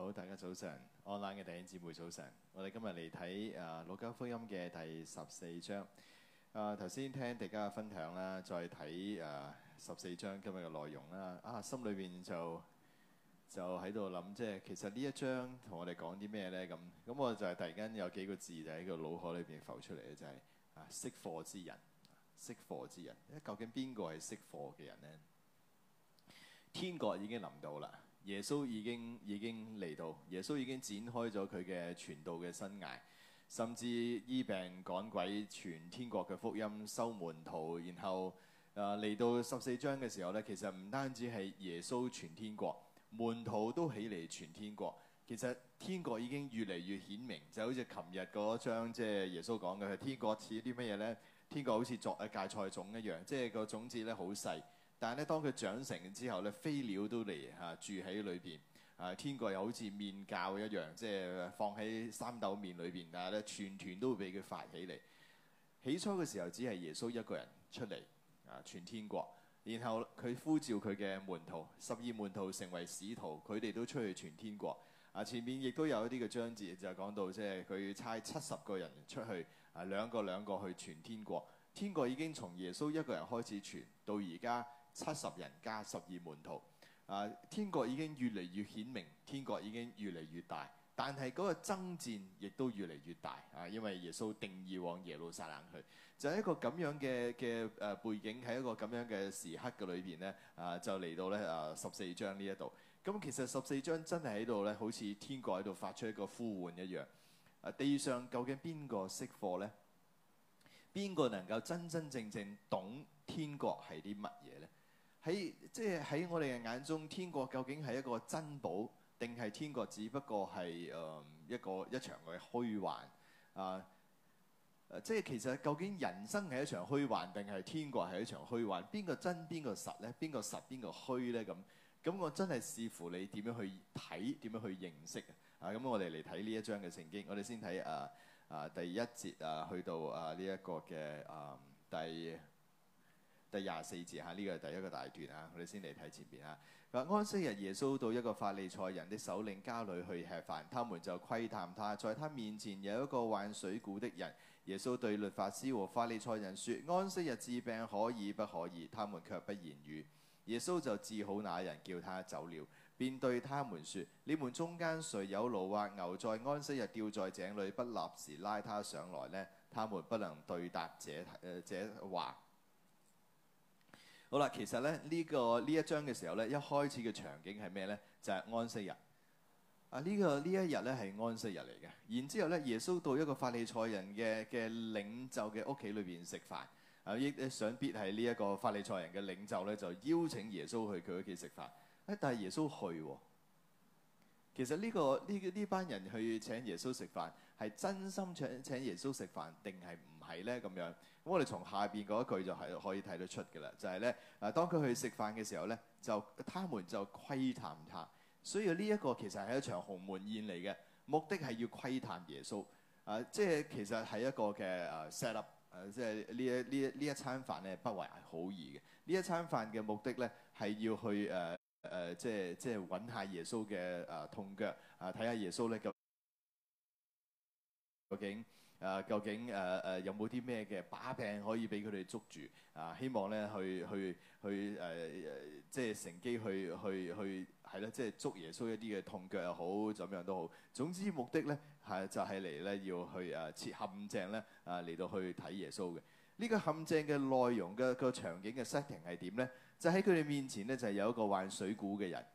好，大家早晨 online 嘅弟兄姊妹早晨。我哋今日嚟睇《啊路加福音》嘅第十四章。啊，頭先聽大家嘅分享啦，再睇啊十四章今日嘅內容啦。啊，心裏邊就就喺度諗，即係其實呢一章同我哋講啲咩咧？咁咁，我就係突然間有幾個字就喺個腦海裏邊浮出嚟咧，就係、是、啊識貨之人，啊、識貨之人。啊、究竟邊個係識貨嘅人咧？天國已經臨到啦。耶穌已經已經嚟到，耶穌已經展開咗佢嘅傳道嘅生涯，甚至醫病趕鬼、傳天國嘅福音、收門徒，然後誒嚟、呃、到十四章嘅時候呢，其實唔單止係耶穌傳天國，門徒都起嚟傳天國。其實天國已經越嚟越顯明，就好似琴日嗰章即係耶穌講嘅，天國似啲乜嘢呢？天國好似作芥菜種一樣，即係個種子咧，好細。但係咧，當佢長成之後咧，飛鳥都嚟嚇、啊、住喺裏邊。啊，天國又好似麵酵一樣，即係放喺三斗麵裏邊，但係咧，全團都會俾佢發起嚟。起初嘅時候，只係耶穌一個人出嚟啊，傳天國。然後佢呼召佢嘅門徒，十二門徒成為使徒，佢哋都出去傳天國。啊，前面亦都有一啲嘅章節就講到，即係佢差七十個人出去，啊兩個兩個去傳天國。天國已經從耶穌一個人開始傳，到而家。七十人加十二門徒，啊！天國已經越嚟越顯明，天國已經越嚟越大，但係嗰個爭戰亦都越嚟越大啊！因為耶穌定意往耶路撒冷去，就係、是、一個咁樣嘅嘅誒背景。喺一個咁樣嘅時刻嘅裏邊呢，啊就嚟到咧啊十四章呢一度。咁、啊、其實十四章真係喺度呢，好似天國喺度發出一個呼喚一樣、啊。地上究竟邊個識貨呢？邊個能夠真真正正懂天國係啲乜嘢呢？喺即係喺我哋嘅眼中，天國究竟係一個珍寶，定係天國只不過係誒一個一場嘅虛幻啊？誒，即係其實究竟人生係一場虛幻，定係天國係一場虛幻？邊個真邊個實咧？邊個實邊個虛咧？咁咁，我真係視乎你點樣去睇，點樣去認識啊？咁我哋嚟睇呢一章嘅聖經，我哋先睇誒誒第一節啊，去到啊呢一個嘅誒第。第廿四節嚇，呢、這個係第一個大段啊！我哋先嚟睇前邊啊。嗱，安息日耶穌到一個法利賽人的首領家裏去吃飯，他們就窺探他。在他面前有一個患水臌的人。耶穌對律法師和法利賽人說：安息日治病可以不可以？他們卻不言語。耶穌就治好那人，叫他走了，便對他們說：你們中間誰有驢或牛在安息日掉在井裏，不立時拉他上來呢？他們不能對答這誒這話。好啦，其實咧呢、這個呢一章嘅時候咧，一開始嘅場景係咩咧？就係、是、安息日啊！呢、這個呢一日咧係安息日嚟嘅。然之後咧，耶穌到一個法利賽人嘅嘅領袖嘅屋企裏邊食飯啊，亦想必係呢一個法利賽人嘅領袖咧，就邀請耶穌去佢屋企食飯。誒、啊，但係耶穌去喎、哦。其實呢、這個呢呢班人去請耶穌食飯。係真心請請耶穌食飯定係唔係咧咁樣？咁我哋從下邊嗰一句就係可以睇得出嘅啦，就係、是、咧啊，當佢去食飯嘅時候咧，就他們就窺探下。所以呢一個其實係一場鴻門宴嚟嘅，目的係要窺探耶穌啊，即係其實係一個嘅啊 set up，啊即係呢一呢呢一餐飯咧不懷好意嘅。呢一餐飯嘅目的咧係要去誒誒、啊呃，即係即係揾下耶穌嘅啊痛腳啊，睇下、啊、耶穌咧咁。究竟誒、啊，究竟誒誒、啊啊，有冇啲咩嘅把柄可以俾佢哋捉住啊？希望咧去去去誒、啊，即係乘機去去去係啦，即係捉耶穌一啲嘅痛腳又好，怎樣都好。總之目的咧係、啊、就係嚟咧，要去誒設陷阱咧啊嚟到去睇耶穌嘅呢個陷阱嘅內容嘅個場景嘅 setting 係點咧？就喺佢哋面前咧，就係、有一個患水臌嘅人，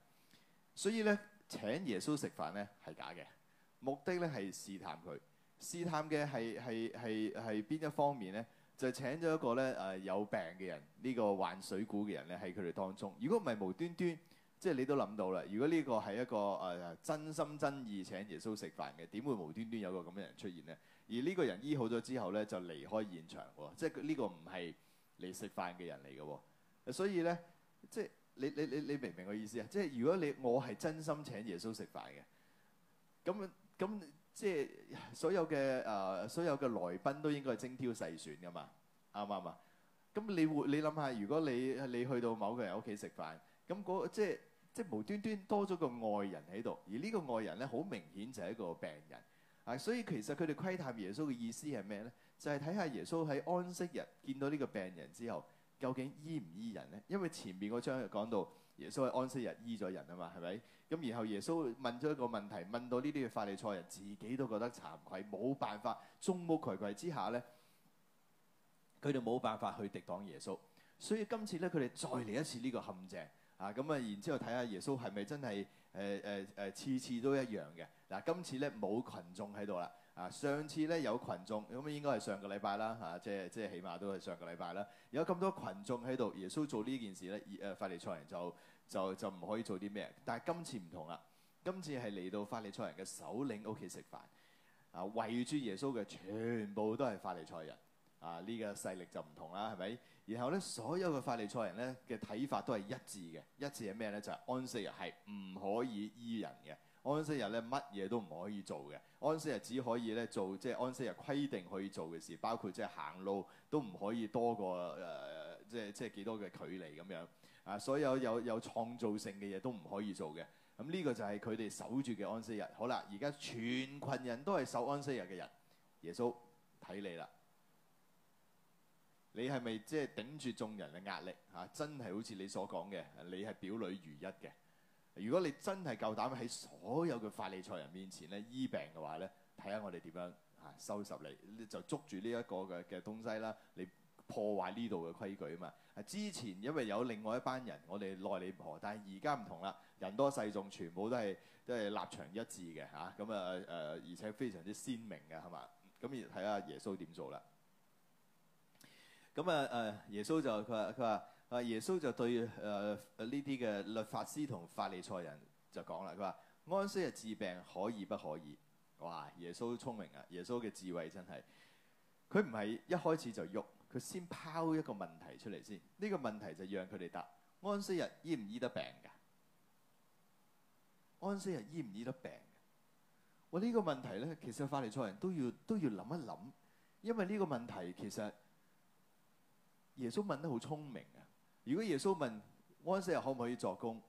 所以咧請耶穌食飯咧係假嘅，目的咧係試探佢。試探嘅係係係係邊一方面咧？就係、請咗一個咧誒、呃、有病嘅人，呢個、股的人呢個患水臌嘅人咧喺佢哋當中。如果唔係無端端，即係你都諗到啦。如果呢個係一個誒、呃、真心真意請耶穌食飯嘅，點會無端端有個咁嘅人出現咧？而呢個人醫好咗之後咧，就離開現場喎。即係呢個唔係你食飯嘅人嚟嘅喎。所以咧，即係你你你你明唔明我意思啊？即係如果你我係真心請耶穌食飯嘅，咁咁。即係所有嘅、呃、所有嘅來賓都應該係精挑細選㗎嘛，啱唔啱啊？咁你會你諗下，如果你你去到某個人屋企食飯，咁、那、嗰、個、即係即係無端端多咗個外人喺度，而呢個外人咧好明顯就係一個病人啊！所以其實佢哋窺探耶穌嘅意思係咩咧？就係睇下耶穌喺安息日見到呢個病人之後，究竟醫唔醫人咧？因為前面嗰章講到。耶穌係安息日醫咗人啊嘛，係咪？咁然後耶穌問咗一個問題，問到呢啲嘅法利賽人自己都覺得慚愧，冇辦法，眾目睽睽之下咧，佢哋冇辦法去敵擋耶穌。所以今次咧，佢哋再嚟一次呢個陷阱啊！咁啊，然之後睇下耶穌係咪真係誒誒誒次次都一樣嘅嗱？今次咧冇群眾喺度啦。啊，上次咧有群眾，咁啊應該係上個禮拜啦，啊，即係即係起碼都係上個禮拜啦。有咁多群眾喺度，耶穌做呢件事咧，誒法利賽人就就就唔可以做啲咩。但係今次唔同啦，今次係嚟到法利賽人嘅首領屋企食飯，啊圍住耶穌嘅全部都係法利賽人，啊呢個勢力就唔同啦，係咪？然後咧所有嘅法利賽人咧嘅睇法都係一致嘅，一致係咩咧？就係安息日係唔可以醫人嘅。安息日咧，乜嘢都唔可以做嘅。安息日只可以咧做，即係安息日規定可以做嘅事，包括即係行路都唔可以多過，誒、呃，即係即係幾多嘅距離咁樣啊！所有有有創造性嘅嘢都唔可以做嘅。咁、嗯、呢、這個就係佢哋守住嘅安息日。好啦，而家全群人都係守安息日嘅人。耶穌睇你啦，你係咪即係頂住眾人嘅壓力嚇、啊？真係好似你所講嘅，你係表裏如一嘅。如果你真係夠膽喺所有嘅法利賽人面前咧醫病嘅話咧，睇下我哋點樣嚇收拾你，你就捉住呢一個嘅嘅東西啦，你破壞呢度嘅規矩啊嘛！之前因為有另外一班人，我哋內裏唔和，但係而家唔同啦，人多勢眾，全部都係都係立場一致嘅嚇，咁啊誒、呃，而且非常之鮮明嘅係嘛，咁而睇下耶穌點做啦。咁啊誒，耶穌就佢話佢話。啊！耶穌就對誒呢啲嘅律法師同法利賽人就講啦，佢話：安息日治病可以不可以？哇！耶穌聰明啊！耶穌嘅智慧真係，佢唔係一開始就喐，佢先拋一個問題出嚟先。呢個問題就讓佢哋答：安息日醫唔醫得病㗎？安息日醫唔醫得病的？我呢個問題咧，其實法利賽人都要都要諗一諗，因為呢個問題其實耶穌問得好聰明啊。如果耶穌問安息日可唔可以作工，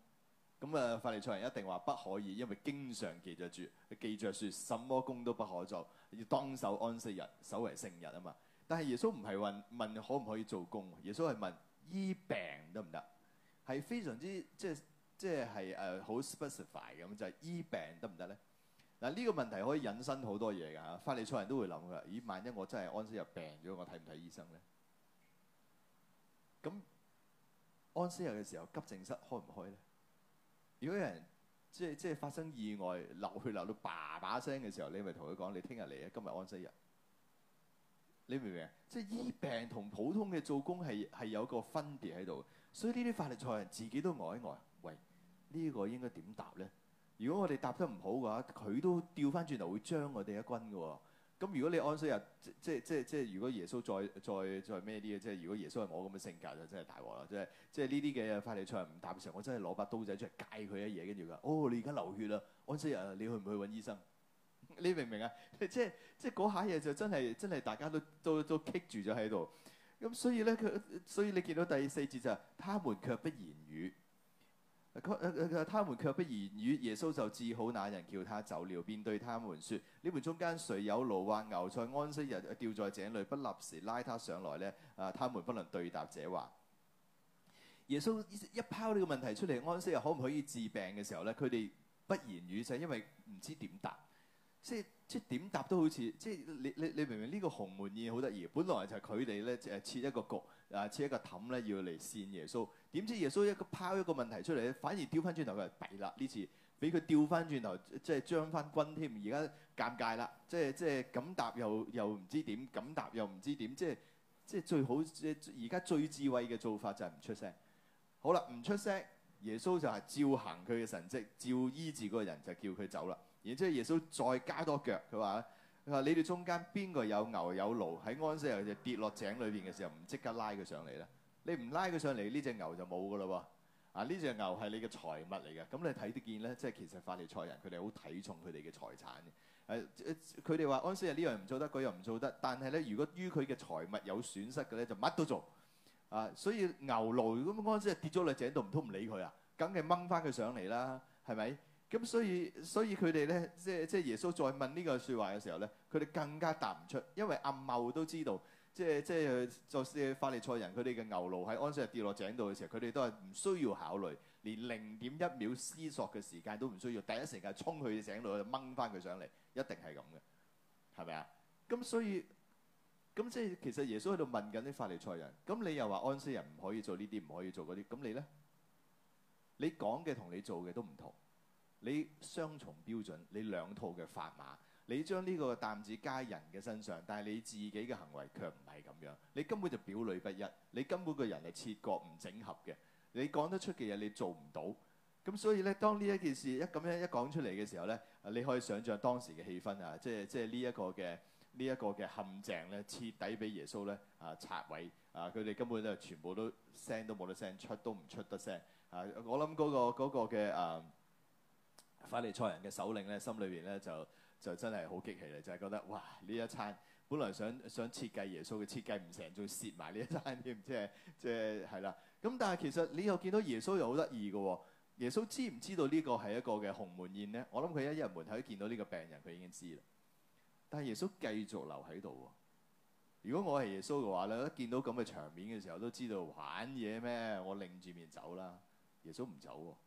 咁啊法利賽人一定話不可以，因為經常記着住記着説什麼工都不可做，要當守安息日，守為聖日啊嘛。但係耶穌唔係問問可唔可以做工，耶穌係問醫病得唔得？係非常之即係即係係誒好 specify 咁，就係、是、醫病得唔得咧？嗱、這、呢個問題可以引申好多嘢㗎嚇，法利賽人都會諗㗎。咦，萬一我真係安息日病咗，我睇唔睇醫生咧？咁。安息日嘅時候，急症室開唔開咧？如果有人即係即係發生意外流血流到叭叭聲嘅時候，你咪同佢講：你聽日嚟啊，今日安息日。你明唔明啊？即係醫病同普通嘅做工係係有個分別喺度，所以呢啲法利賽人自己都呆一呆。喂，呢個應該點答咧？如果我哋答得唔好嘅話，佢都調翻轉頭會將我哋一軍㗎。咁如果你安息日，即即即即如果耶穌再再再咩啲嘅，即如果耶穌係我咁嘅性格就真係大鑊啦，即即呢啲嘅法發嚟出嚟唔搭上，我真係攞把刀仔出嚟戒佢一嘢，跟住佢，哦，你而家流血啦，安息日你去唔去揾醫生？ 你明唔明啊？即即嗰下嘢就真係真係大家都都都棘住咗喺度。咁所以咧佢，所以你見到第四節就係，他們卻不言語。佢佢佢他們卻不言語，耶穌就治好那人，叫他走了，便對他們説：你們中間誰有驢或牛在安息日掉在井裏，不立時拉他上來咧？他們不能對答這話。耶穌一拋呢個問題出嚟，安息日可唔可以治病嘅時候咧，佢哋不言語就係因為唔知點答。即係即係點答都好似，即係你你你明唔明呢個鴻門宴好得意，本來就係佢哋咧誒設一個局啊，設一個氹咧要嚟騙耶穌。點知耶穌一個拋一個問題出嚟咧，反而調翻轉頭佢係弊啦呢次他，俾佢調翻轉頭即係將翻軍添。而家尷尬啦，即係即係噉答又又唔知點，噉答又唔知點，即係即係最好即而家最智慧嘅做法就係唔出聲。好啦，唔出聲，耶穌就係照行佢嘅神跡，照醫治嗰個人就叫佢走啦。然之後，耶穌再加多腳，佢話：，佢話你哋中間邊個有牛有驢喺安息日就跌落井裏邊嘅時候，唔即刻拉佢上嚟咧？你唔拉佢上嚟，呢隻牛就冇㗎喇喎！啊，呢隻牛係你嘅財物嚟嘅，咁、嗯、你睇得見咧？即係其實法利賽人佢哋好睇重佢哋嘅財產嘅。誒、啊，佢哋話安息日呢樣唔做得，嗰樣唔做得，這個，但係咧，如果於佢嘅財物有損失嘅咧，就乜都做。啊，所以牛驢咁安息日跌咗落井度，唔通唔理佢啊？梗係掹翻佢上嚟啦，係咪？咁所以所以佢哋咧，即即耶穌再問呢個説話嘅時候咧，佢哋更加答唔出，因為阿茂都知道，即即在嘅法利賽人，佢哋嘅牛驢喺安息日跌落井度嘅時候，佢哋都係唔需要考慮，連零點一秒思索嘅時間都唔需要，第一時間衝去井度去掹翻佢上嚟，一定係咁嘅，係咪啊？咁所以咁即其實耶穌喺度問緊啲法利賽人，咁你又話安息日唔可以做呢啲，唔可以做嗰啲，咁你咧？你講嘅同你做嘅都唔同。你雙重標準，你兩套嘅法碼，你將呢個擔子加人嘅身上，但係你自己嘅行為卻唔係咁樣，你根本就表裏不一，你根本個人係切割唔整合嘅。你講得出嘅嘢，你做唔到，咁所以咧，當呢一件事一咁樣一講出嚟嘅時候咧，你可以想像當時嘅氣氛啊，即係即係呢一個嘅呢一個嘅陷阱咧，徹底俾耶穌咧啊拆毀啊！佢哋根本就全部都聲都冇得聲，出都唔出得聲啊！我諗嗰個、嗰個嘅啊～、嗰個法利賽人嘅首領咧，心裏邊咧就就真係好激氣啦，就係、是、覺得哇呢一餐本來想想設計耶穌嘅設計唔成，仲蝕埋呢一餐添，即係即係係啦。咁、就是、但係其實你又見到耶穌又好得意嘅喎，耶穌知唔知道呢個係一個嘅鴻門宴咧？我諗佢一入門口見到呢個病人，佢已經知啦。但係耶穌繼續留喺度喎。如果我係耶穌嘅話咧，一見到咁嘅場面嘅時候，都知道玩嘢咩？我擰住面走啦。耶穌唔走喎。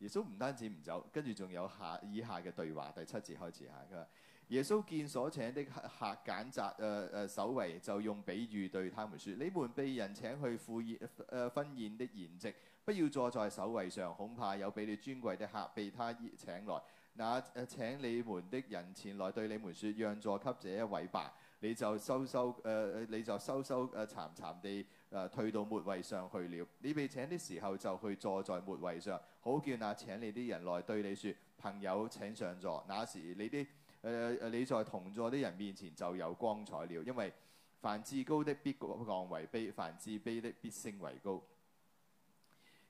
耶穌唔單止唔走，跟住仲有下以下嘅對話，第七節開始嚇。佢話：耶穌見所請的客，客揀擇，誒首位，就用比喻對他們説：你們被人請去赴宴，誒婚宴的筵席，不要坐在首位上，恐怕有比你尊貴的客被他請來。那誒請你們的人前來對你們説：讓座給這一位吧，你就收收，誒、呃、誒你就收收，誒慘慘地。誒退到末位上去了，你被請的時候就去坐在末位上，好叫那請你啲人來對你說朋友請上座。那時你啲誒誒你在同座啲人面前就有光彩了，因為凡至高的必降為卑，凡自卑的必升為高。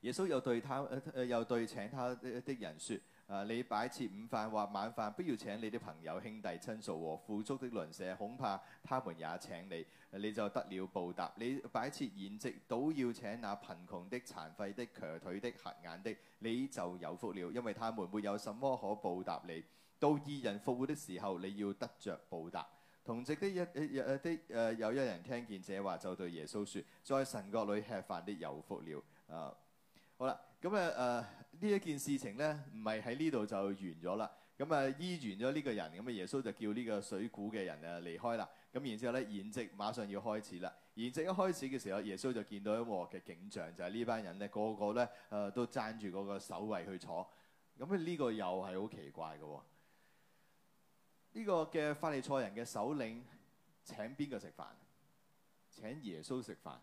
耶穌又對他誒、呃、又對請他的人說。啊！你擺設午飯或晚飯，不要請你的朋友、兄弟、親屬和富足的鄰舍，恐怕他們也請你，你就得了報答。你擺設筵席，倒要請那貧窮的、殘廢的、瘸腿的、瞎眼的，你就有福了，因為他們沒有什麼可報答你。到義人復活的時候，你要得着報答。同席的一有、呃、有一人聽見這話，就對耶穌説：在神國裏吃飯的有福了！啊，好啦，咁誒誒。啊呢一件事情咧，唔係喺呢度就完咗啦。咁啊，醫完咗呢個人，咁啊，耶穌就叫呢個水鼓嘅人誒離開啦。咁然之後咧，筵席馬上要開始啦。筵席一開始嘅時候，耶穌就見到一幕嘅景象，就係、是、呢班人咧個個咧誒、呃、都爭住個個首位去坐。咁、這、呢個又係好奇怪嘅、哦。呢、這個嘅法利賽人嘅首領請邊個食飯？請耶穌食飯。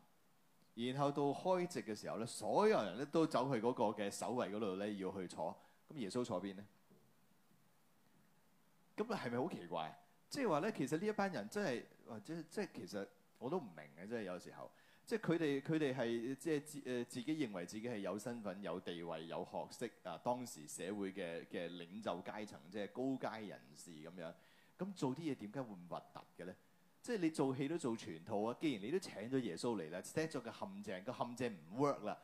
然後到開席嘅時候咧，所有人咧都走去嗰個嘅首位嗰度咧，要去坐。咁耶穌坐邊咧？咁啊，係咪好奇怪？即係話咧，其實呢一班人真係，或者即係其實我都唔明嘅，即係有時候，即係佢哋佢哋係即係自誒自己認為自己係有身份、有地位、有學識啊，當時社會嘅嘅領袖階層，即係高階人士咁樣。咁做啲嘢點解會唔核突嘅咧？即係你做戲都做全套啊！既然你都請咗耶穌嚟啦，設咗個陷阱，個陷阱唔 work 啦，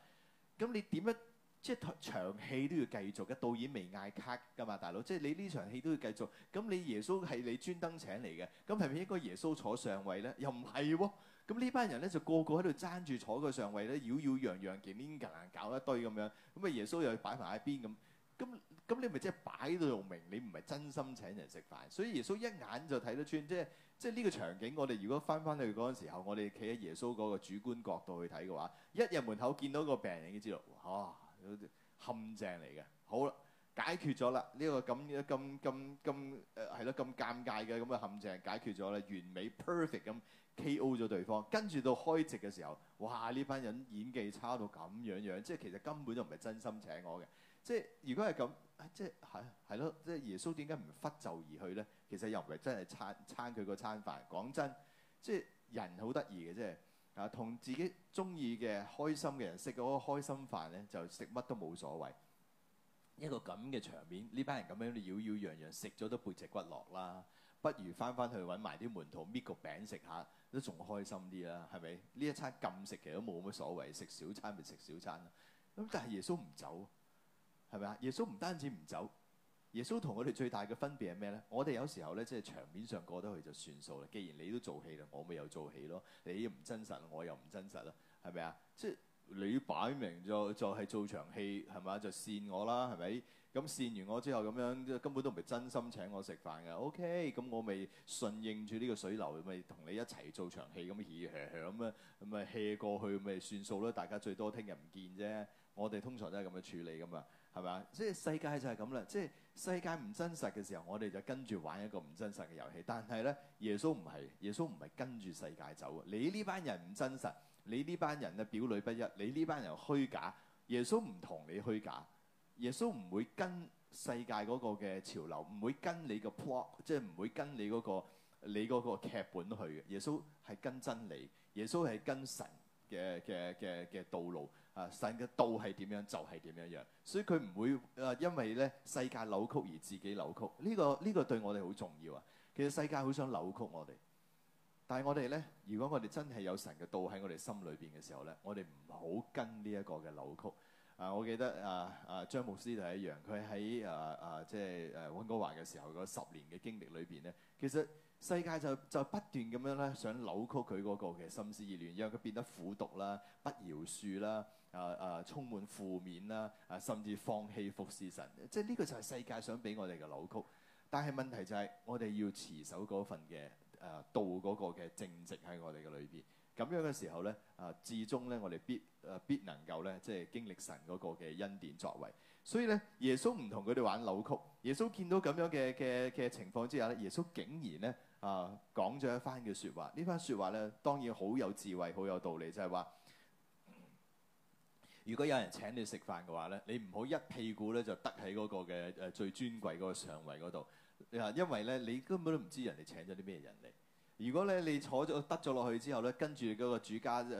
咁你點樣即係場戲都要繼續嘅？導演未嗌 cut 㗎嘛，大佬即係你呢場戲都要繼續。咁你耶穌係你專登請嚟嘅，咁係咪應該耶穌坐上位咧？又唔係喎。咁呢班人咧就個個喺度爭住坐個上位咧，妖妖揚揚，攣攣攣搞一堆咁樣。咁啊，耶穌又擺埋喺邊咁。咁咁，你咪即係擺到用明，你唔係真心請人食飯。所以耶穌一眼就睇得穿，即係即係呢個場景。我哋如果翻翻去嗰陣時候，我哋企喺耶穌嗰個主觀角度去睇嘅話，一入門口見到個病人已經知道哇，啲陷阱嚟嘅。好啦，解決咗啦。呢個咁咁咁咁誒，係咯，咁尷尬嘅咁嘅陷阱解決咗啦，完美 perfect 咁 K.O. 咗對方。跟住到開席嘅時候，哇！呢班人的演技差到咁樣樣，即係其實根本就唔係真心請我嘅。即係如果係咁，即係係係咯，即係耶穌點解唔拂袖而去咧？其實又唔係真係撐撐佢個餐飯。講真，即係人好得意嘅，即係啊，同自己中意嘅、開心嘅人食嗰個開心飯咧，就食乜都冇所謂。一個咁嘅場面，呢班人咁樣你妖妖樣樣食咗都背脊骨落啦，不如返返去揾埋啲門徒搣個餅食下都仲開心啲啦，係咪？呢一餐禁食其實都冇乜所謂，食小餐咪食小餐咯。咁但係耶穌唔走。係咪啊？耶穌唔單止唔走，耶穌同我哋最大嘅分別係咩咧？我哋有時候咧，即係場面上過得去就算數啦。既然你都做戲啦，我咪又做戲咯。你唔真實，我又唔真實啦，係咪啊？即係你擺明就就係做場戲係咪啊？就騙我啦，係咪？咁騙完我之後咁樣，根本都唔係真心請我食飯㗎。OK，咁我咪順應住呢個水流，咪同你一齊做場戲咁，嘻嘻嘻咁啊，咁啊 hea 過去咪算數啦。大家最多聽日唔見啫。我哋通常都係咁嘅處理㗎嘛。係咪啊？即係世界就係咁啦。即係世界唔真實嘅時候，我哋就跟住玩一個唔真實嘅遊戲。但係咧，耶穌唔係，耶穌唔係跟住世界走嘅。你呢班人唔真實，你呢班人咧表裏不一，你呢班人虛假。耶穌唔同你虛假，耶穌唔會跟世界嗰個嘅潮流，唔會跟你個 plot，即係唔會跟你嗰個你嗰個劇本去嘅。耶穌係跟真理，耶穌係跟神嘅嘅嘅嘅道路。啊！神嘅道係點樣就係點樣樣，所以佢唔會誒，因為咧世界扭曲而自己扭曲。呢個呢個對我哋好重要啊！其實世界好想扭曲我哋，但係我哋咧，如果我哋真係有神嘅道喺我哋心裏邊嘅時候咧，我哋唔好跟呢一個嘅扭曲。啊！我記得啊啊張牧師就係一樣，佢喺啊啊即係誒温哥華嘅時候嗰十年嘅經歷裏邊咧，其實世界就就不斷咁樣咧想扭曲佢嗰個嘅心思意念，讓佢變得苦毒啦、不饒恕啦。啊啊！充滿負面啦，啊甚至放棄服侍神，即係呢、這個就係世界上俾我哋嘅扭曲。但係問題就係、是，我哋要持守嗰份嘅啊道嗰個嘅正直喺我哋嘅裏邊。咁樣嘅時候咧，啊至終咧，我哋必啊必能夠咧，即係經歷神嗰個嘅恩典作為。所以咧，耶穌唔同佢哋玩扭曲。耶穌見到咁樣嘅嘅嘅情況之下咧，耶穌竟然咧啊講咗一番嘅説話。這番說話呢番説話咧當然好有智慧，好有道理，就係、是、話。如果有人請你食飯嘅話咧，你唔好一屁股咧就得喺嗰個嘅誒最尊貴嗰個上位嗰度。啊，因為咧你根本都唔知人哋請咗啲咩人嚟。如果咧你坐咗得咗落去之後咧，跟住嗰個主家誒誒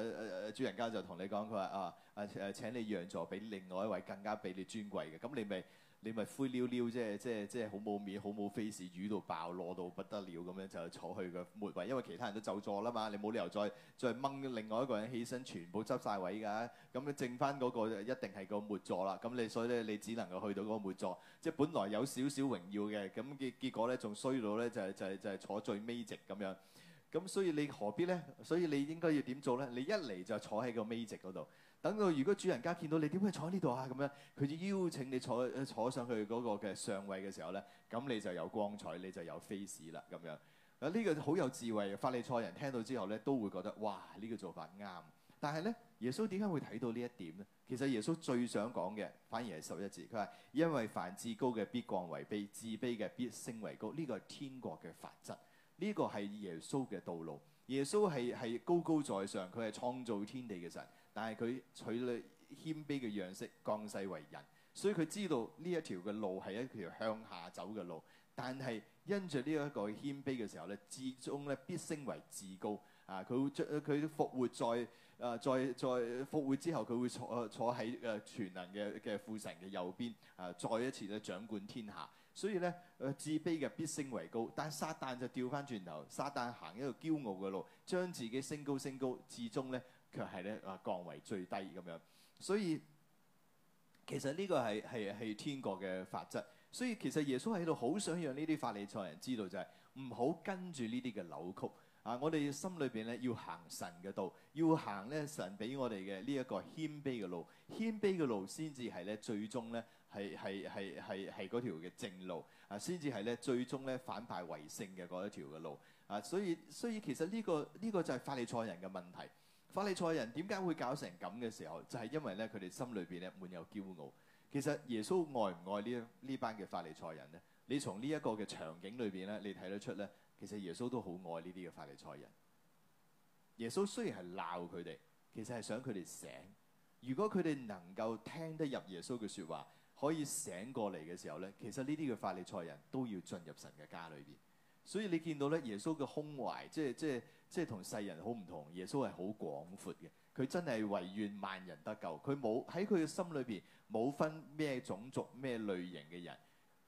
誒主人家就同你講，佢話啊啊誒請你讓座俾另外一位更加比你尊貴嘅，咁你咪～你咪灰溜溜即係即係即係好冇面，好冇 face，瘀到爆，攞到不得了咁樣就坐去個末位，因為其他人都走咗啦嘛，你冇理由再再掹另外一個人起身，全部執晒位㗎，啊，咁你剩返嗰個一定係個末座啦。咁你所以咧，你只能夠去到嗰個末座，即係本來有少少榮耀嘅，咁結結果咧仲衰到咧就係、是、就係、是、就係、是、坐最尾席咁樣。咁所以你何必咧？所以你應該要點做咧？你一嚟就坐喺個尾席嗰度。等到如果主人家見到你，點解坐喺呢度啊？咁樣，佢就邀請你坐坐上去嗰個嘅上位嘅時候咧，咁你就有光彩，你就有 face 啦咁樣。啊，呢個好有智慧，嘅法利賽人聽到之後咧都會覺得哇，呢個做法啱。但係咧，耶穌點解會睇到呢一點咧？其實耶穌最想講嘅反而係十一字，佢話因為凡至高嘅必降為卑，自卑嘅必升為高。呢個係天國嘅法則，呢個係耶穌嘅道路。耶穌係係高高在上，佢係創造天地嘅神。但係佢取咧謙卑嘅樣式降世為人，所以佢知道呢一條嘅路係一條向下走嘅路。但係因着呢一個謙卑嘅時候咧，至終咧必升為至高啊！佢會將佢復活在啊，再再復活之後，佢會坐坐喺誒全能嘅嘅父神嘅右邊啊，再一次咧掌管天下。所以咧誒、呃、自卑嘅必升為高，但係撒但就掉返轉頭，撒旦行一個驕傲嘅路，將自己升高升高，至終咧，卻係咧啊，降為最低咁樣，所以其實呢個係係係天國嘅法則。所以其實耶穌喺度好想讓呢啲法利賽人知道、就係，就係唔好跟住呢啲嘅扭曲啊！我哋心裏邊咧要行神嘅道，要行咧神俾我哋嘅呢一個謙卑嘅路，謙卑嘅路先至係咧最終咧係係係係係嗰條嘅正路啊，先至係咧最終咧反敗為勝嘅嗰一條嘅路啊。所以所以其實呢、呢個呢、呢個就係法利賽人嘅問題。法利賽人點解會搞成咁嘅時候，就係因為咧佢哋心裏邊咧滿有驕傲。其實耶穌愛唔愛呢一呢班嘅法利賽人咧？你從呢一個嘅場景裏邊咧，你睇得出咧，其實耶穌都好愛呢啲嘅法利賽人。耶穌雖然係鬧佢哋，其實係想佢哋醒。如果佢哋能夠聽得入耶穌嘅説話，可以醒過嚟嘅時候咧，其實呢啲嘅法利賽人都要進入神嘅家裏邊。所以你見到咧，耶穌嘅胸懷，即係即係。即係同世人好唔同，耶穌係好廣闊嘅，佢真係唯願萬人得救，佢冇喺佢嘅心裏邊冇分咩種族、咩類型嘅人，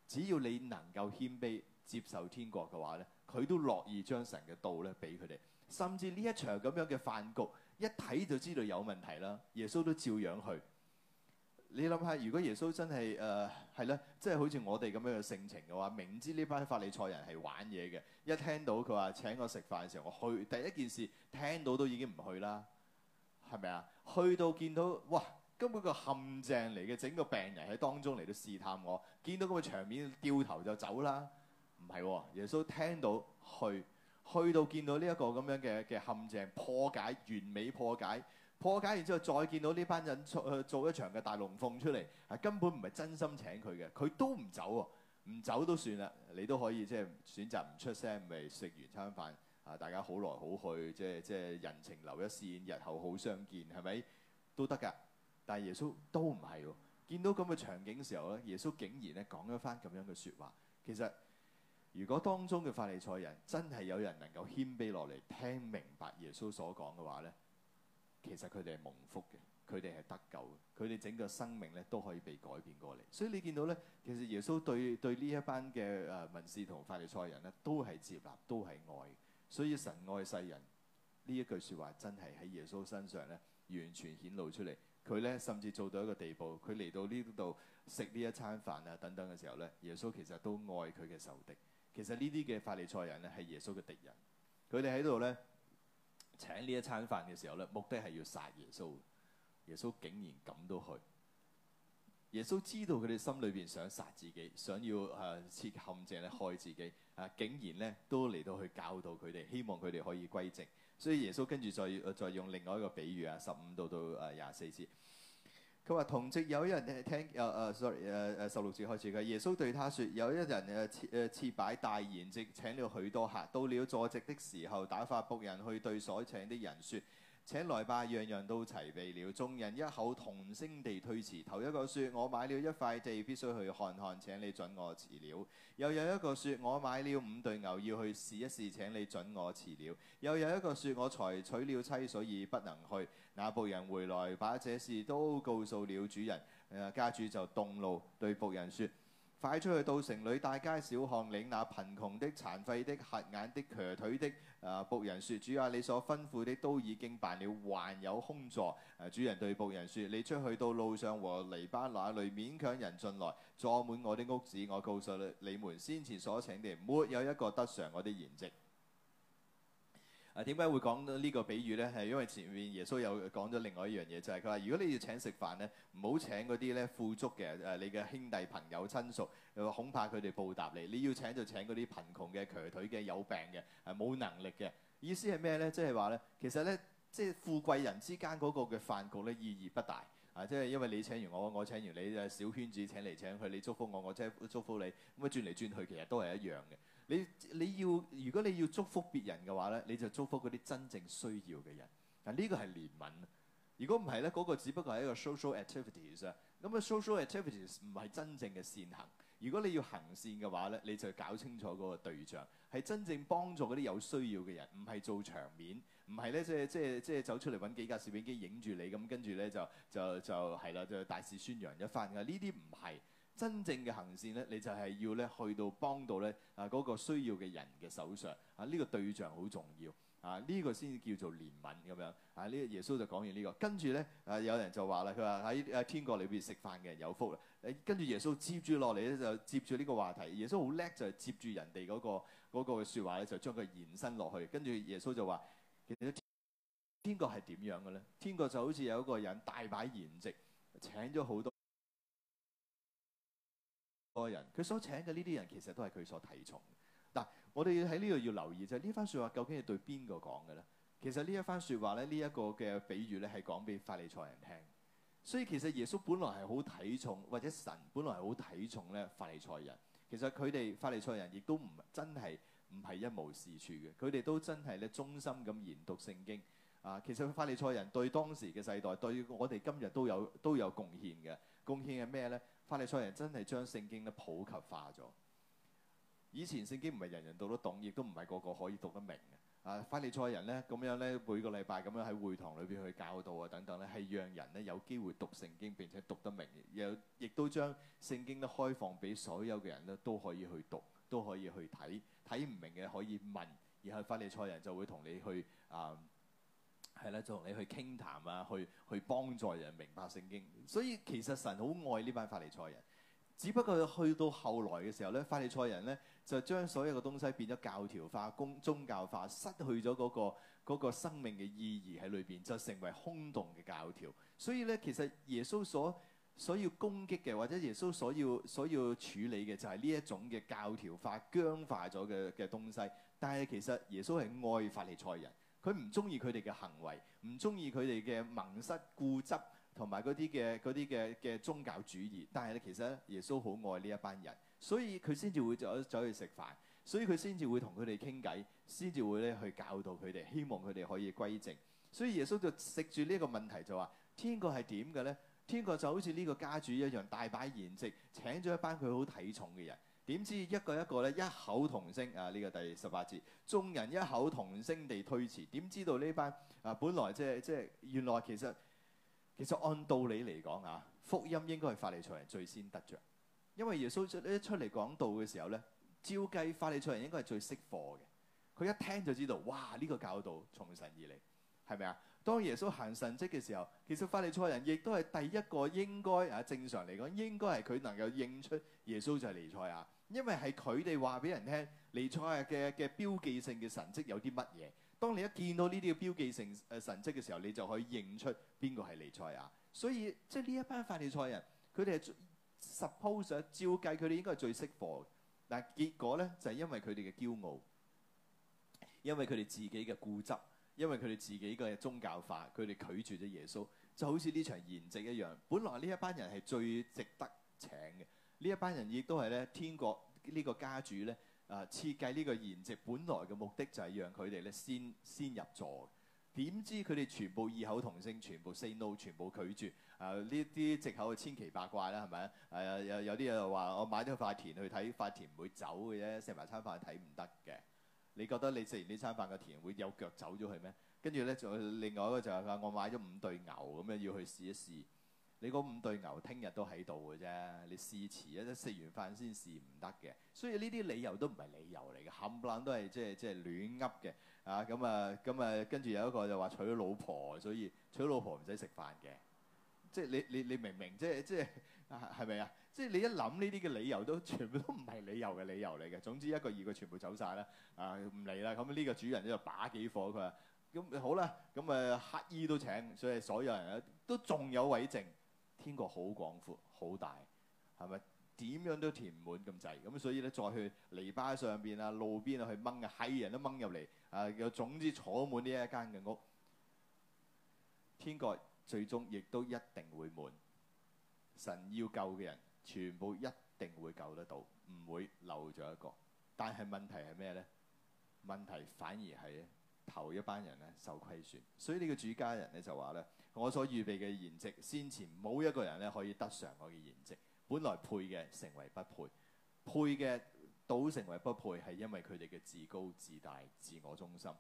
只要你能夠謙卑接受天國嘅話呢，佢都樂意將神嘅道咧俾佢哋，甚至呢一場咁樣嘅飯局，一睇就知道有問題啦，耶穌都照樣去。你諗下，如果耶穌真係誒係咧，即係好似我哋咁樣嘅性情嘅話，明知呢班法利賽人係玩嘢嘅，一聽到佢話請我食飯嘅時候，我去第一件事聽到都已經唔去啦，係咪啊？去到見到哇，根本個陷阱嚟嘅，整個病人喺當中嚟到試探我，見到個場面，掉頭就走啦。唔係，耶穌聽到去，去到見到呢一個咁樣嘅嘅陷阱，破解完美破解。破解完之後，再見到呢班人做做一場嘅大龍鳳出嚟，係根本唔係真心請佢嘅，佢都唔走喎，唔走都算啦，你都可以即係選擇唔出聲，咪食完餐飯，啊，大家好來好去，即係即係人情留一線，日後好相見，係咪都得㗎？但係耶穌都唔係喎，見到咁嘅場景嘅時候咧，耶穌竟然咧講咗翻咁樣嘅説話。其實如果當中嘅法利賽人真係有人能夠謙卑落嚟聽明白耶穌所講嘅話咧。其實佢哋係蒙福嘅，佢哋係得救嘅，佢哋整個生命咧都可以被改變過嚟。所以你見到咧，其實耶穌對對這一呢一班嘅誒文士同法利賽人咧，都係接納，都係愛。所以神愛世人呢一句説話，真係喺耶穌身上咧完全顯露出嚟。佢咧甚至做到一個地步，佢嚟到呢度食呢一餐飯啊等等嘅時候咧，耶穌其實都愛佢嘅仇敵。其實這些呢啲嘅法利賽人咧係耶穌嘅敵人，佢哋喺度咧。請呢一餐飯嘅時候咧，目的係要殺耶穌。耶穌竟然咁都去，耶穌知道佢哋心裏邊想殺自己，想要誒設陷阱咧害自己，誒竟然咧都嚟到去教導佢哋，希望佢哋可以歸正。所以耶穌跟住再再用另外一個比喻啊，十五度到誒廿四節。佢話同席有一人聽，誒誒，sorry，誒誒，十六節開始嘅。耶穌對他說有一人誒設擺大筵席，請了許多客。到了坐席的時候，打發僕人去對所請的人說請來吧，樣樣都齊備了。眾人一口同聲地推辭。頭一個說我買了一塊地，必須去看看，請你準我辭了。又有一個說我買了五對牛，要去試一試，請你準我辭了。又有一個說我才娶了妻，所以不能去。那僕人回來，把這事都告訴了主人、啊。家主就動怒對僕人說：快出去到城裏大街小巷，領那貧窮的、殘廢的、瞎眼的、瘸腿的。誒、啊，僕人說主啊，你所吩咐的都已經辦了，還有空座。啊、主人對僕人說你出去到路上和籬笆那裏，勉強人進來坐滿我的屋子。我告訴你，你們先前所請的，沒有一個得嘗我的筵席。啊，點解會講到呢個比喻呢？係因為前面耶穌又講咗另外一樣嘢，就係佢話：如果你要請食飯呢，唔好請嗰啲咧富足嘅誒你嘅兄弟朋友親屬，又恐怕佢哋報答你。你要請就請嗰啲貧窮嘅、瘸腿嘅、有病嘅、冇能力嘅。意思係咩呢？即係話呢，其實呢，即係富貴人之間嗰個嘅飯局呢，意義不大啊！即係因為你請完我，我請完你，小圈子請嚟請去，你祝福我，我即祝福你，咁啊轉嚟轉去，其實都係一樣嘅。你你要如果你要祝福別人嘅話咧，你就祝福嗰啲真正需要嘅人。嗱，呢個係憐憫。如果唔係咧，嗰個只不過係一個 social activities 啊。咁啊 social activities 唔係真正嘅善行。如果你要行善嘅話咧，你就搞清楚嗰個對象，係真正幫助嗰啲有需要嘅人，唔係做場面，唔係咧，即係即係即係走出嚟揾幾架攝影機影住你咁，跟住咧就就就係啦，就大肆宣揚一番嘅。呢啲唔係。真正嘅行善咧，你就係要咧去到幫到咧啊個需要嘅人嘅手上啊。呢、呢個對象好重要啊。呢、呢個先叫做憐憫咁樣啊、呢個、呢個耶穌就講完呢個，跟住咧啊有人就話啦，佢話喺啊天國裏邊食飯嘅人有福啦。誒跟住耶穌接住落嚟咧就接住呢個話題，耶穌好叻就係接住人哋、嗰個、嗰個嗰個説話，咧就將佢延伸落去。跟住耶穌就話，其實天，天國係點樣嘅咧？天國就好似有一個人大擺筵席，請咗好多。多人，佢所請嘅呢啲人其實都係佢所睇重。嗱，我哋喺呢度要留意就係、是、呢番說話究竟係對邊個講嘅咧？其實呢一番說話咧，呢、這、一個嘅比喻咧係講俾法利賽人聽。所以其實耶穌本來係好睇重，或者神本來係好睇重咧法利賽人。其實佢哋法利賽人亦都唔真係唔係一無是處嘅，佢哋都真係咧忠心咁研讀聖經啊。其實法利賽人對當時嘅世代，對我哋今日都有都有貢獻嘅。貢獻係咩咧？法利賽人真係將聖經咧普及化咗。以前聖經唔係人人讀得懂，亦都唔係個個可以讀得明嘅。啊，法利賽人咧咁樣咧每個禮拜咁樣喺會堂裏邊去教導啊等等咧，係讓人咧有機會讀聖經並且讀得明嘅，又亦都將聖經咧開放俾所有嘅人咧都可以去讀，都可以去睇。睇唔明嘅可以問，然後法利賽人就會同你去啊。呃係啦，就同你去傾談啊，去去幫助人明白聖經。所以其實神好愛呢班法利賽人，只不過去到後來嘅時候咧，法利賽人咧就將所有嘅東西變咗教條化、公宗教化，失去咗嗰個嗰個生命嘅意義喺裏邊，就成為空洞嘅教條。所以咧，其實耶穌所所要攻擊嘅，或者耶穌所要所要處理嘅，就係呢一種嘅教條化、僵化咗嘅嘅東西。但係其實耶穌係愛法利賽人。佢唔中意佢哋嘅行為，唔中意佢哋嘅盟失固執，同埋嗰啲嘅嗰啲嘅嘅宗教主義。但係咧，其實咧，耶穌好愛呢一班人，所以佢先至會走走去食飯，所以佢先至會同佢哋傾偈，先至會咧去教導佢哋，希望佢哋可以歸正。所以耶穌就食住呢一個問題就話：天國係點嘅咧？天國就好似呢個家主一樣，大擺筵席，請咗一班佢好睇重嘅人。點知一個一個咧一口同聲啊！呢個第十八節，眾人一口同聲地推辭。點知道呢班啊，本來即係即係原來其實其實按道理嚟講啊，福音應該係法利賽人最先得着。因為耶穌出一出嚟講道嘅時候咧，照計法利賽人應該係最識貨嘅。佢一聽就知道，哇！呢個教導從神而嚟，係咪啊？當耶穌行神跡嘅時候，其實法利賽人亦都係第一個應該啊，正常嚟講應該係佢能夠認出耶穌就係尼賽啊。因為係佢哋話俾人聽彌賽亞嘅嘅標記性嘅神跡有啲乜嘢？當你一見到呢啲嘅標記性誒神跡嘅時候，你就可以認出邊個係彌賽亞啊！所以即係呢一班法利賽人，佢哋係 suppose 照計佢哋應該係最識貨嘅，但係結果咧就係、是、因為佢哋嘅驕傲，因為佢哋自己嘅固執，因為佢哋自己嘅宗教化，佢哋拒絕咗耶穌，就好似呢場筵席一樣。本來呢一班人係最值得請嘅。呢一班人亦都係咧，天國呢個家主咧，啊設計呢個筵席，本來嘅目的就係讓佢哋咧先先入座。點知佢哋全部異口同聲，全部 say no，全部拒絕。啊，呢啲藉口係千奇百怪啦，係咪啊？有有有啲人話：我買咗塊田去睇，塊田唔會走嘅啫。食埋餐飯睇唔得嘅？你覺得你食完呢餐飯個田會有腳走咗去咩？跟住咧，仲有另外一個就係話：我買咗五對牛咁樣要去試一試。你嗰五對牛聽日都喺度嘅啫，你試遲啊，食完飯先試唔得嘅。所以呢啲理由都唔係理由嚟嘅，冚唪唥都係即係即係亂噏嘅。啊，咁、嗯、啊，咁、嗯、啊，跟住有一個就話娶咗老婆，所以娶咗老婆唔使食飯嘅。即係你你你明明即係即係係咪啊？即係你一諗呢啲嘅理由都全部都唔係理由嘅理由嚟嘅。總之一個二個全部走晒啦，啊，唔理啦。咁呢個主人呢，就把幾火，佢話：咁好啦，咁啊乞衣都請，所以所有人啊都仲有位剩。天國好廣闊、好大，係咪？點樣都填唔滿咁滯，咁所以咧，再去籬笆上邊啊、路邊啊去掹啊，係人都掹入嚟。啊，又總之坐滿呢一間嘅屋，天國最終亦都一定會滿。神要救嘅人，全部一定會救得到，唔會漏咗一個。但係問題係咩咧？問題反而係頭一班人咧受虧損，所以呢個主家人咧就話咧。我所預備嘅筵席，先前冇一個人咧可以得嘗我嘅筵席。本來配嘅成為不配，配嘅倒成為不配，係因為佢哋嘅自高自大、自我中心。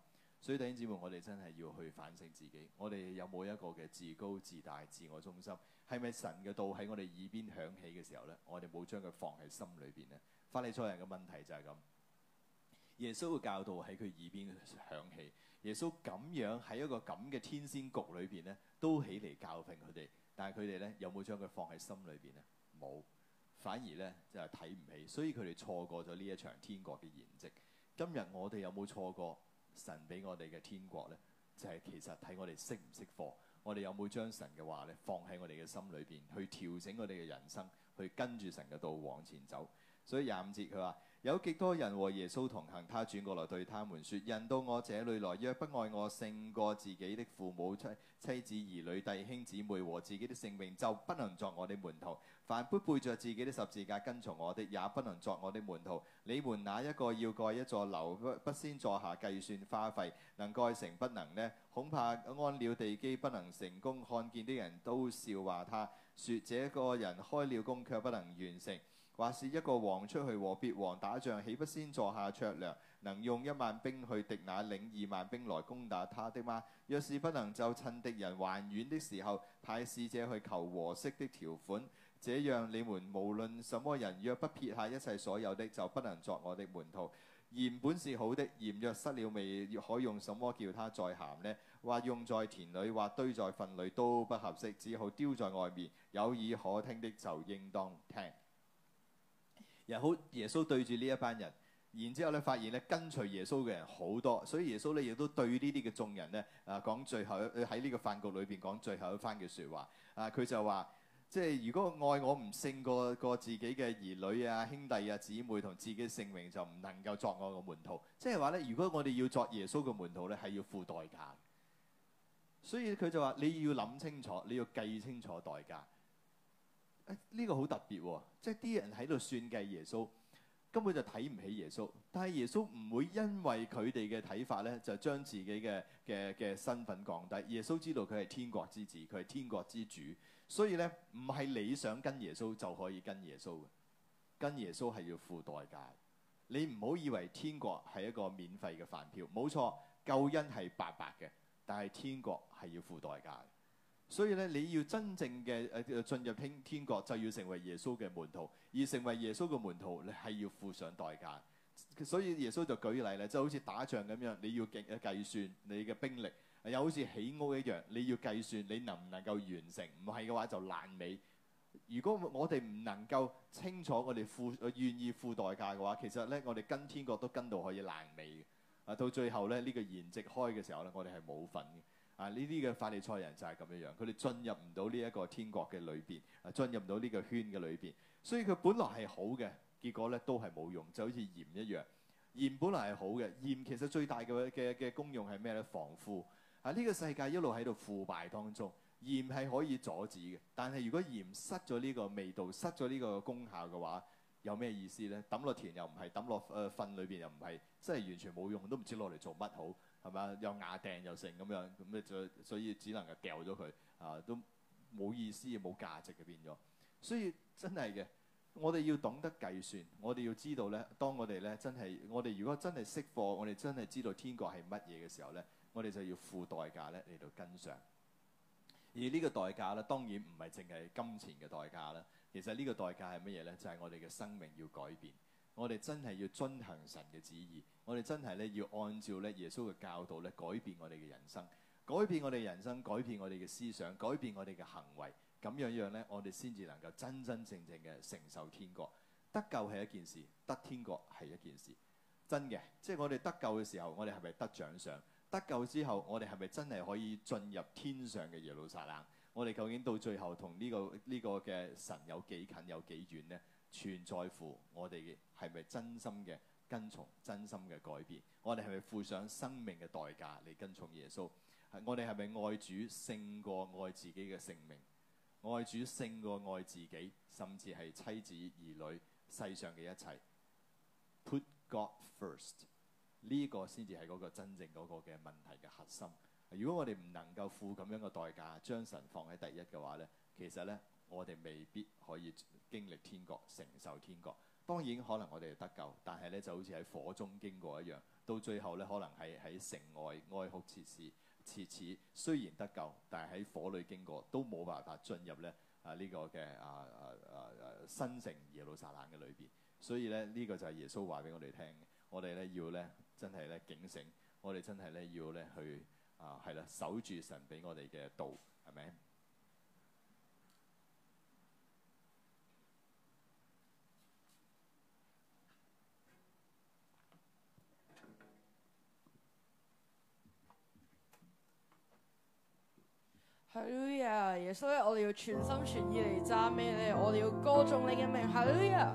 所以弟兄姊妹，我哋真係要去反省自己，我哋有冇一個嘅自高自大、自我中心？係咪神嘅道喺我哋耳邊響起嘅時候呢？我哋冇將佢放喺心裏邊呢？法利賽人嘅問題就係咁，耶穌嘅教導喺佢耳邊響起。耶穌咁樣喺一個咁嘅天仙局裏邊咧，都起嚟教訓佢哋，但係佢哋咧有冇將佢放喺心裏邊呢？冇，反而咧就係睇唔起，所以佢哋錯過咗呢一場天國嘅筵席。今日我哋有冇錯過神俾我哋嘅天國呢？就係其實睇我哋識唔識貨，我哋有冇將神嘅話咧放喺我哋嘅心裏邊，去調整我哋嘅人生，去跟住神嘅道往前走。所以廿五節佢話。有極多人和耶穌同行，他轉過來對他們說：人到我這裏來，若不愛我勝過自己的父母、妻妻子、兒女、弟，弟兄、姊妹和自己的性命，就不能作我的門徒。凡不背著自己的十字架跟從我的，也不能作我的門徒。你們哪一個要蓋一座樓，不先坐下計算花費，能蓋成不能呢？恐怕安了地基不能成功。看見的人都笑話他，說：這個人開了工卻不能完成。或是一個王出去和別王打仗，豈不先坐下酌量？能用一萬兵去敵那領，領二萬兵來攻打他的嗎？若是不能，就趁敵人還遠的時候，派使者去求和式的條款。這樣你們無論什麼人，若不撇下一切所有的，就不能作我的門徒。鹽本是好的，鹽若失了味，可用什麼叫他再鹹呢？或用在田裏，或堆在糞裏都不合適，只好丟在外面。有耳可聽的就應當聽。又好，耶穌對住呢一班人，然之後咧發現咧，跟隨耶穌嘅人好多，所以耶穌咧亦都對呢啲嘅眾人咧，啊講最後喺呢個飯局裏邊講最後一番嘅説話，啊佢就話，即係如果愛我唔勝過個自己嘅兒女啊、兄弟啊、姊妹同自己嘅性命，就唔能夠作我嘅門徒。即係話咧，如果我哋要作耶穌嘅門徒咧，係要付代價。所以佢就話，你要諗清楚，你要計清楚代價。呢個好特別喎、哦，即係啲人喺度算計耶穌，根本就睇唔起耶穌。但係耶穌唔會因為佢哋嘅睇法咧，就將自己嘅嘅嘅身份降低。耶穌知道佢係天國之子，佢係天國之主，所以咧唔係你想跟耶穌就可以跟耶穌嘅，跟耶穌係要付代價。你唔好以為天國係一個免費嘅飯票，冇錯，救恩係白白嘅，但係天國係要付代價。所以咧，你要真正嘅誒進入天天國，就要成為耶穌嘅門徒。而成為耶穌嘅門徒，你係要付上代價。所以耶穌就舉例咧，就好似打仗咁樣，你要計計算你嘅兵力，又好似起屋一樣，你要計算你能唔能夠完成，唔係嘅話就爛尾。如果我哋唔能夠清楚我哋付願意付代價嘅話，其實咧我哋跟天國都跟到可以爛尾嘅。啊，到最後咧呢個筵席開嘅時候咧，我哋係冇份嘅。啊！呢啲嘅法利賽人就係咁樣樣，佢哋進入唔到呢一個天國嘅裏邊，啊，進入唔到呢個圈嘅裏邊。所以佢本來係好嘅，結果咧都係冇用，就好似鹽一樣。鹽本來係好嘅，鹽其實最大嘅嘅嘅功用係咩咧？防腐。啊！呢個世界一路喺度腐敗當中，鹽係可以阻止嘅。但係如果鹽失咗呢個味道，失咗呢個功效嘅話，有咩意思咧？抌落田又唔係，抌落誒糞裏邊又唔係，真係完全冇用，都唔知攞嚟做乜好。係嘛？有又瓦掟又成咁樣，咁咧就所以只能夠掉咗佢啊！都冇意思，冇價值嘅變咗。所以真係嘅，我哋要懂得計算，我哋要知道咧，當我哋咧真係，我哋如果真係識貨，我哋真係知道天國係乜嘢嘅時候咧，我哋就要付代價咧嚟到跟上。而呢個代價咧，當然唔係淨係金錢嘅代價啦。其實呢個代價係乜嘢咧？就係我哋嘅生命要改變。我哋真係要遵行神嘅旨意，我哋真係咧要按照咧耶穌嘅教導咧改變我哋嘅人生，改變我哋人生，改變我哋嘅思想，改變我哋嘅行為，咁樣樣咧我哋先至能夠真真正正嘅承受天國。得救係一件事，得天國係一件事，真嘅。即係我哋得救嘅時候，我哋係咪得獎賞？得救之後，我哋係咪真係可以進入天上嘅耶路撒冷？我哋究竟到最後同呢個呢個嘅神有幾近有幾遠呢？全在乎我哋係咪真心嘅跟從，真心嘅改變。我哋係咪付上生命嘅代價嚟跟從耶穌？我哋係咪愛主勝過愛自己嘅性命？愛主勝過愛自己，甚至係妻子、兒女、世上嘅一切。Put God first，呢個先至係嗰個真正嗰個嘅問題嘅核心。如果我哋唔能夠付咁樣嘅代價，將神放喺第一嘅話咧，其實咧。我哋未必可以經歷天國、承受天國。當然可能我哋得救，但係咧就好似喺火中經過一樣。到最後咧，可能係喺城外哀哭切齒、切齒。雖然得救，但係喺火裏經過，都冇辦法進入咧啊呢個嘅啊啊啊新城耶路撒冷嘅裏邊。所以咧呢、呢個就係耶穌話俾我哋聽，我哋咧要咧真係咧警醒，我哋真係咧要咧去啊係啦，守住神俾我哋嘅道，係咪？哈利啊！耶穌，我哋要全心全意嚟讚美你，我哋要歌頌你嘅名，哈利啊！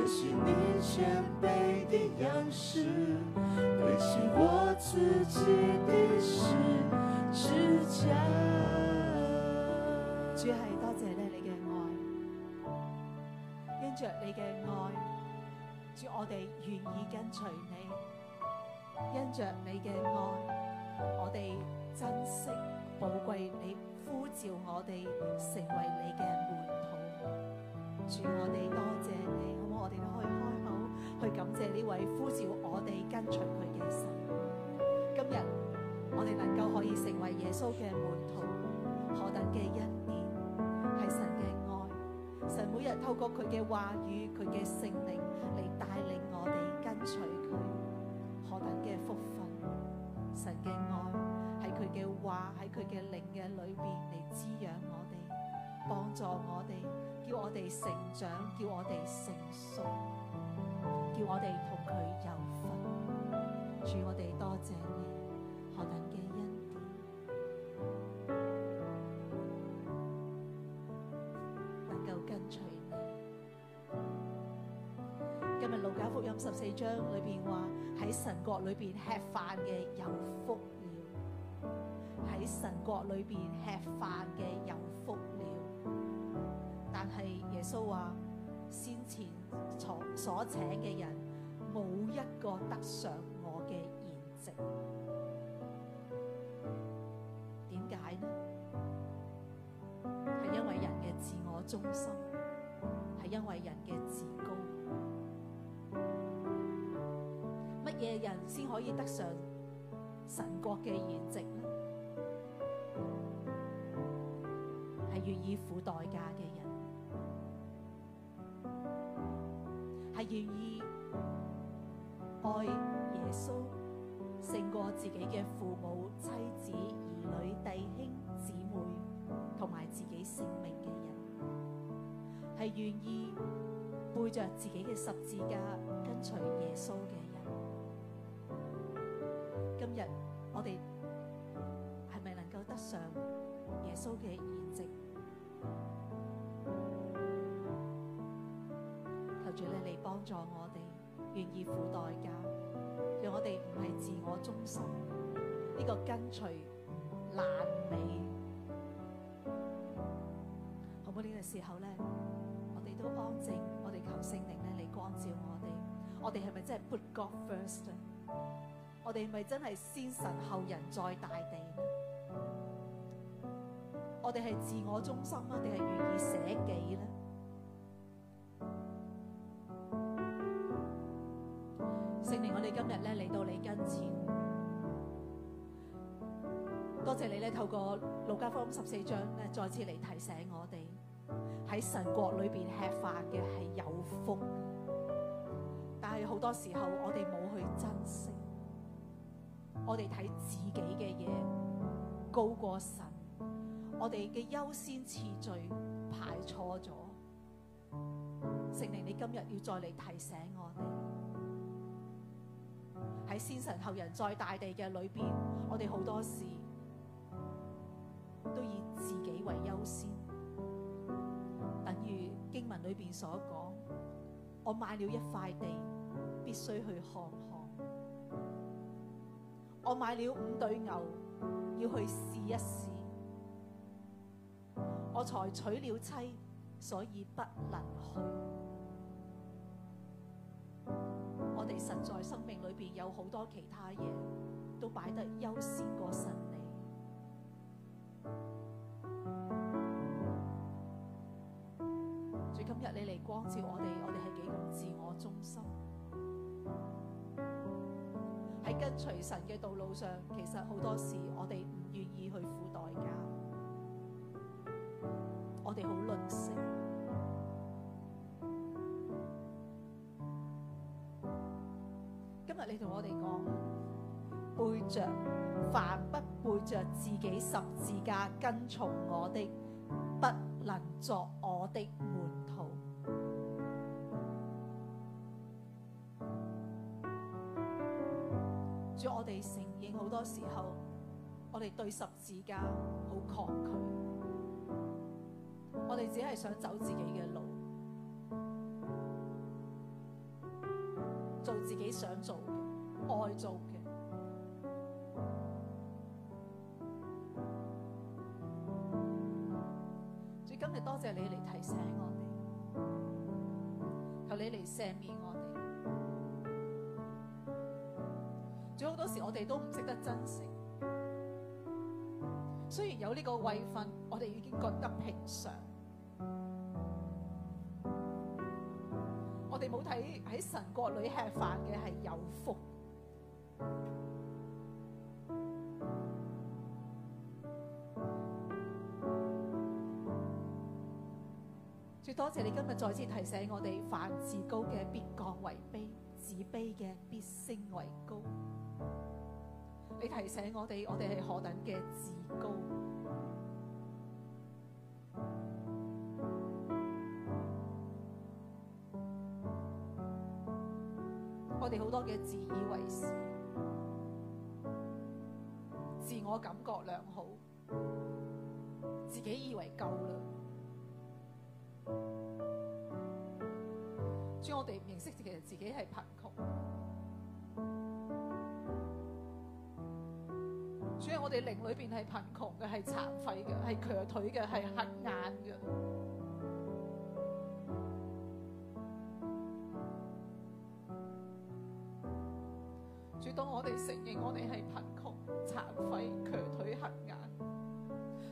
這是你先輩的樣式，這是我自己的事，之前主要係多謝咧你嘅愛，因着你嘅愛，主我哋願意跟隨你；因着你嘅愛，我哋珍惜寶貴你呼召我哋成為你嘅門徒。主我哋多謝你。我哋都可以開口去感謝呢位呼召我哋跟隨佢嘅神。今日我哋能夠可以成為耶穌嘅門徒，何等嘅恩典！係神嘅愛，神每日透過佢嘅話語、佢嘅聖靈嚟帶領我哋跟隨佢，何等嘅福分！神嘅愛係佢嘅話喺佢嘅靈嘅裏面嚟滋養我。幫助我哋，叫我哋成長，叫我哋成熟，叫我哋同佢有份。主我哋多謝你，何等嘅恩典，能夠跟隨你。今日路加福音十四章裏邊話喺神國裏邊吃飯嘅有福了，喺神國裏邊吃飯嘅有福了。但係耶穌話，先前所所請嘅人冇一個得上我嘅筵席。點解呢？係因為人嘅自我中心，係因為人嘅自高。乜嘢人先可以得上神國嘅筵席呢？係願意付代價嘅人。願意愛耶穌勝過自己嘅父母、妻子、兒女、弟兄、姊妹同埋自己性命嘅人，係願意背着自己嘅十字架跟隨耶穌嘅人。今日我哋係咪能夠得上耶穌嘅意思？主咧嚟幫助我哋，願意付代價，讓我哋唔係自我中心，呢、這個跟隨難美，好冇？呢、這個時候咧，我哋都安靜，我哋求聖靈咧嚟光照我哋，我哋係咪真係 put God first？我哋係咪真係先神後人再大地咧？我哋係自我中心啊，定係願意捨己咧？多謝你咧，透過路加福音十四章咧，再次嚟提醒我哋喺神國裏邊吃飯嘅係有福，但係好多時候我哋冇去珍惜，我哋睇自己嘅嘢高過神，我哋嘅優先次序排錯咗。聖靈，你今日要再嚟提醒我哋喺先神後人，在大地嘅裏邊，我哋好多事。都以自己為優先，等於經文裏邊所講：我買了一塊地，必須去看看；我買了五對牛，要去試一試；我才娶了妻，所以不能去。我哋實在生命裏邊有好多其他嘢，都擺得優先過神。主今日你嚟光照我哋，我哋係幾咁自我中心，喺跟隨神嘅道路上，其實好多時我哋唔願意去付代價，我哋好吝惜。今日你同我哋講。背着，凡不背着自己十字架跟從我的，不能作我的門徒。主，我哋承認好多時候，我哋對十字架好抗拒，我哋只係想走自己嘅路，做自己想做嘅、愛做嘅。求你嚟提醒我哋，求、就是，你嚟赦免我哋。仲好多時，我哋都唔識得珍惜。雖然有呢個喂飯，我哋已經覺得平常。我哋冇睇喺神國裏吃飯嘅係有福。再次提醒我哋，凡自高嘅必降為卑，自卑嘅必升為高。你提醒我哋，我哋係何等嘅自高？我哋好多嘅自以為是，自我感覺良好，自己以為夠啦。我哋認識其實自己係貧窮，所以我哋靈裏邊係貧窮嘅，係殘廢嘅，係瘸腿嘅，係黑眼嘅。主，當我哋承認我哋係貧窮、殘廢、瘸腿、黑眼，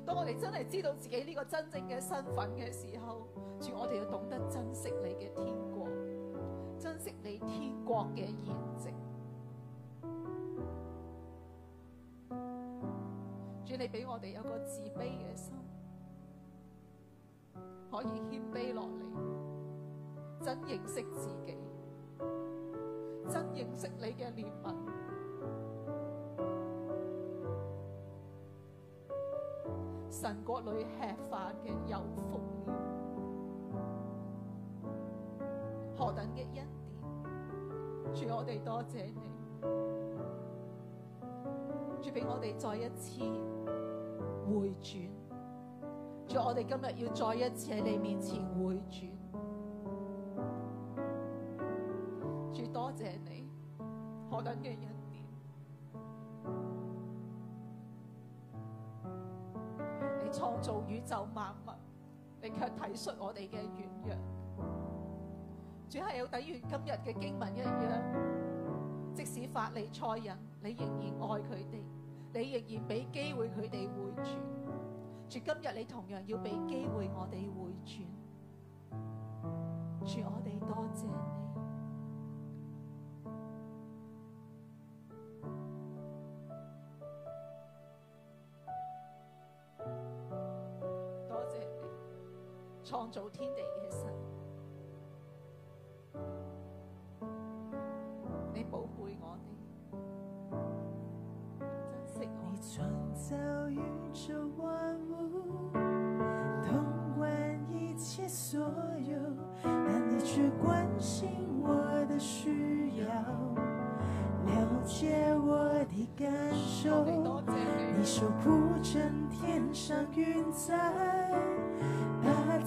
當我哋真係知道自己呢個真正嘅身份嘅時候，主，我哋要懂得珍惜你嘅天。珍惜你天國嘅筵席，主你俾我哋有個自卑嘅心，可以謙卑落嚟，真認識自己，真認識你嘅憐憫，神國裏吃飯嘅有福了，何等嘅恩！主我哋多謝你，主俾我哋再一次回轉，主我哋今日要再一次喺你面前回轉，主多謝你何等嘅恩典，你創造宇宙萬物，你卻體恤我哋嘅。主係有等如今日嘅經文一樣，即使法利賽人，你仍然愛佢哋，你仍然俾機會佢哋回轉。主今日你同樣要俾機會我哋回轉，主我哋多謝你。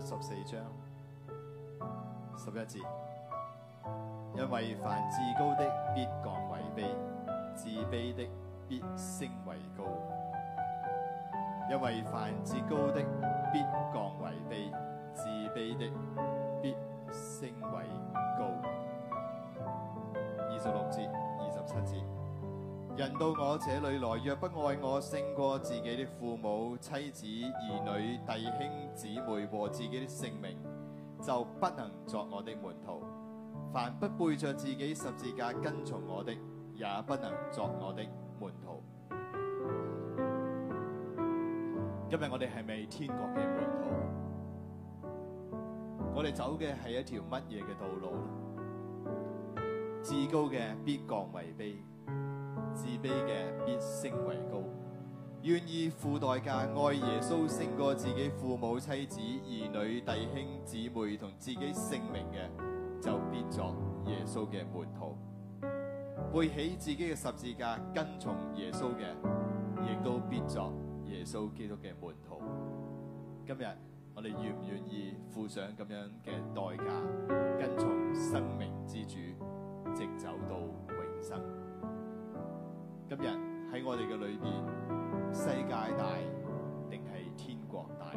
十四章十一節，因為凡自高的必降為卑，自卑的必升為高。因為凡自高的必降為卑，自卑的必升為高。二十六節、二十七節。人到我這裏來，若不愛我勝過自己的父母、妻子、兒女、弟兄、姊妹和自己的性命，就不能作我的門徒。凡不背着自己十字架跟從我的，也不能作我的門徒。今日我哋係咪天國嘅門徒？我哋走嘅係一條乜嘢嘅道路？至高嘅必降為卑。自卑嘅必升為高，願意付代價愛耶穌勝過自己父母、妻子、兒女、弟兄、姊妹同自己性命嘅，就必作耶穌嘅門徒，背起自己嘅十字架跟從耶穌嘅，亦都必作耶穌基督嘅門徒。今日我哋願唔願意付上咁樣嘅代價，跟從生命之主，直走到永生。今日喺我哋嘅裏邊，世界大定係天國大，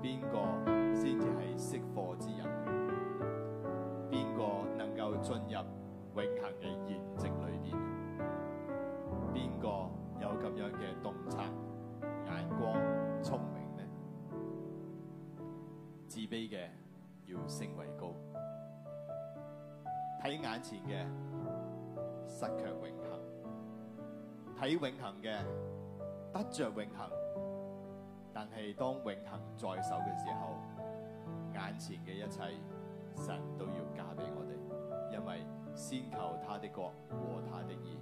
邊個先至係識貨之人？邊個能夠進入永恆嘅現職裏邊？邊個有咁樣嘅洞察眼光、聰明呢？自卑嘅要升為高，睇眼前嘅失卻永恆。喺永恆嘅得着永恆，但係當永恆在手嘅時候，眼前嘅一切神都要加俾我哋，因為先求他的國和他的義，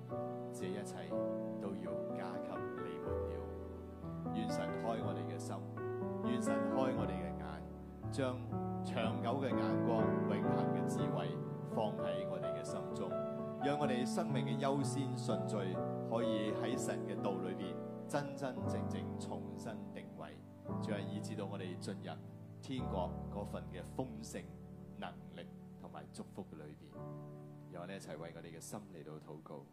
這一切都要加給你們了。願神開我哋嘅心，願神開我哋嘅眼，將長久嘅眼光、永恆嘅智慧放喺我哋嘅心中，讓我哋生命嘅優先順序。可以喺神嘅道裏邊真真正正重新定位，仲係以致到我哋進入天國嗰份嘅豐盛能力同埋祝福裏邊，讓我哋一齊為我哋嘅心嚟到禱告。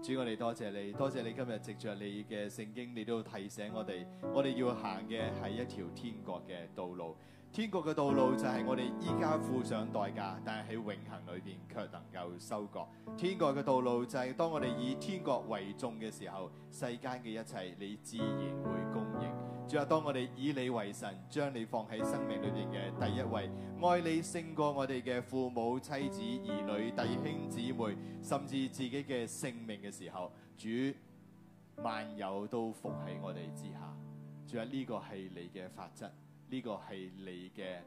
主，我哋多謝你，多謝你今日藉着你嘅聖經，你都要提醒我哋，我哋要行嘅係一條天國嘅道路。天國嘅道路就係我哋依家付上代價，但係喺永恒裏邊卻能夠收割。天國嘅道路就係當我哋以天國為重嘅時候，世間嘅一切你自然會供應。仲有，當我哋以你為神，將你放喺生命裏邊嘅第一位，愛你勝過我哋嘅父母、妻子、兒女、弟兄姊妹，甚至自己嘅性命嘅時候，主萬有都服喺我哋之下。仲有，呢、這個係你嘅法則。呢個係你嘅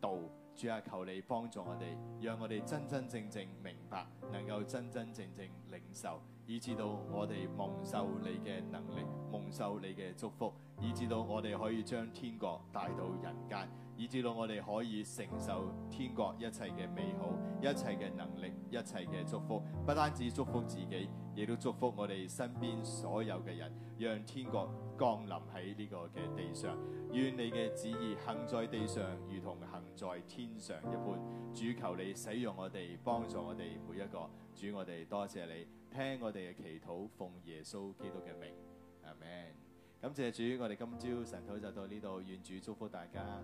道，主啊，求你幫助我哋，讓我哋真真正正明白，能夠真真正正領受。以致到我哋蒙受你嘅能力，蒙受你嘅祝福，以致到我哋可以將天國帶到人間，以致到我哋可以承受天國一切嘅美好、一切嘅能力、一切嘅祝福。不單止祝福自己，亦都祝福我哋身邊所有嘅人，讓天國降臨喺呢個嘅地上。願你嘅旨意行在地上，如同行在天上一般。主，求你使用我哋，幫助我哋每一個。主，我哋多謝你。聽我哋嘅祈禱，奉耶穌基督嘅名，阿門。感謝主，我哋今朝神台就到呢度，願主祝福大家。